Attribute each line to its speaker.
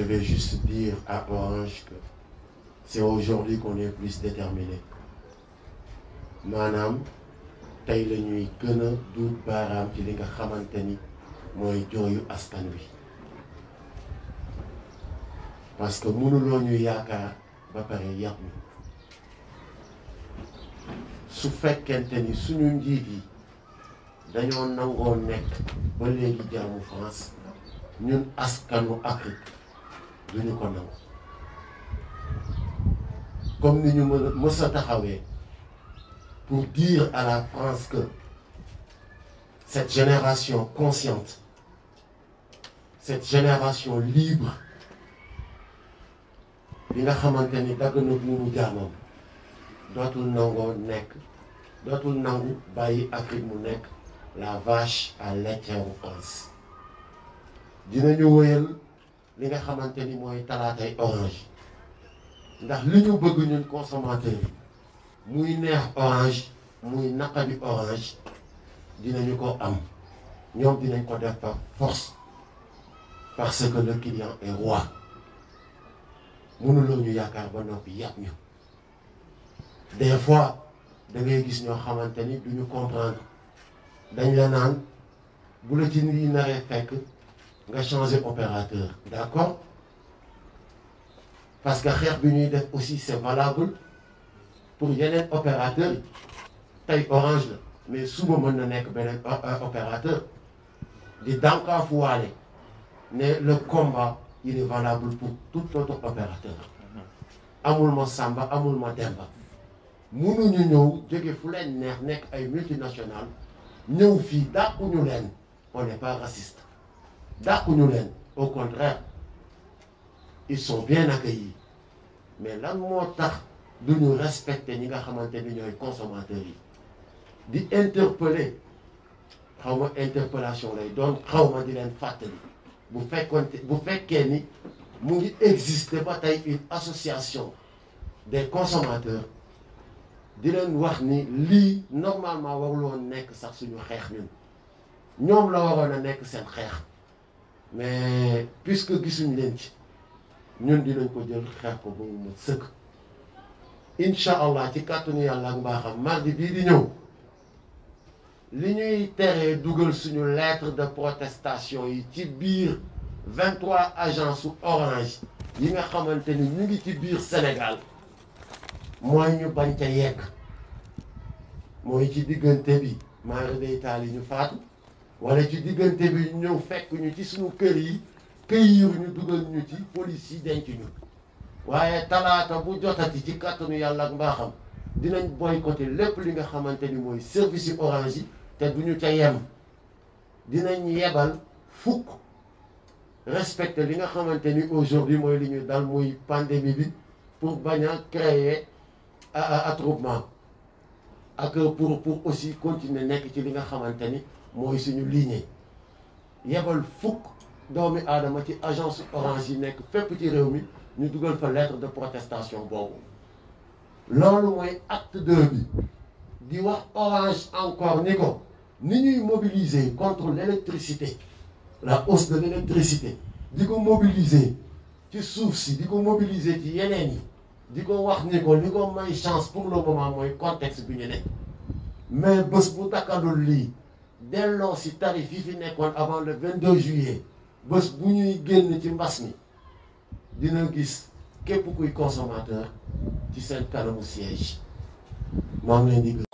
Speaker 1: je vais juste dire à Orange que c'est aujourd'hui qu'on plus déterminé maanaam tey lañuy ñuy gën a duut baaraam ci li nga xamante ni mooy jooyu askan wi parce que mënuloo ñu yaakaar ba pare yàq ñu su fekkente ni suñu njiit yi dañoo nangoo nekk ba léegi jaamu France ñun askanu Afrique duñu ko nangu comme ni ñu mën a mës a taxawee pour dire à la France que cette génération consciente cette génération libre bi nga xamante ni dagg na buumu dootul nangoo nekk dootul nangu bàyyi Afrique mu nekk la vache à laitière en France dinañu wëyal li nga xamante ni mooy talaatay orange ndax li ñu bëgg ñun consommateur yi muy neex orange muy naqadi orange dinañu ko am ñoom dinañ ko def par force parce que le client est roi mënuloo ñu yaakaar ba noppi yàpp ñu des fois da gis ñoo xamante ni duñu comprendre dañ la naan bu la ci nit naree fekk nga changer opérateur d'accord parce que xeex bi ñuy def aussi c'est valable pour yeneen opérateur yi tey orange la mais suba mën na nekk beneen euh, opérateur di dànkaafuwaale ne le combat il est valable pour tout autre opérateur mm-hmm. amul ma Samba amul ma Demba mënuñu ñëw jóge fu leen neex nekk ay multinationales ñëw fii dàquñu leen on n'est pas raciste dàquñu leen au contraire ils sont bien accueillis mais lan moo tax du ñu ñi nga xamante ni ñooy consommateurs yi di interpeller xaw ma interpellation lay doon xawma di leen fàttali bu bu fekkee ni mu ngi exister ba tey une association des consommateurs di leen wax ni lii normalement waruloon nekk sax suñu xeex ñun ñoom la waroon a nekk seen xeex. mais que gisuñ leen ci ñun dinañ ko jël xeex ko ba mu sëkk incha allah ci kàttanu yàlla ak mbaaxam mardi bii di ñëw li ñuy teree dugal suñu lettre de protestation yi ci biir 23 agence su orange yi nga xamante ni ñu ngi ci biir Sénégal mooy ñu bañ ca yegg mooy ci diggante bi maa ngi taal yi ñu faatu. wala ci diggante bi ñëw fekk ñu ci suñu kër yi këyir ñu dugal ñu ci police yi denc ñu waaye talaata bu jotati ci kàttanu yàlla ak mbaaxam dinañ boycotté lépp li nga xamante ni mooy service yi orange te du ñu ca yem dinañ yebal fukk respecté li nga xamante ni aujourd'hui mooy li ñu dal muy pandémie bi pour bañ a créer attroupement ak pour pour aussi continuer nekk ci li nga xamante ni mooy suñu ligne yebal fukk doomi aadama ci agence orange yi nekk fépp ci réew mi ñu dugal fa lettre de protestation boobu loolu mooy acte deux bi di wax orange encore ni ko ni ñuy mobiliser contre l'électricité la hausse de l'électricité di ko mobiliser ci suuf si di ko mobiliser ci yeneen yi di ko wax ni ko li ko may chance pour le moment mooy contexte bi ñu nekk mais bés bu takkadul lii delloo si tarif yi fi nekkoon avant le 22 juillet bés bu ñuy génn ci mbas mi dina gis képp kuy consommateur ci seen kanamu siège maa ngi leen di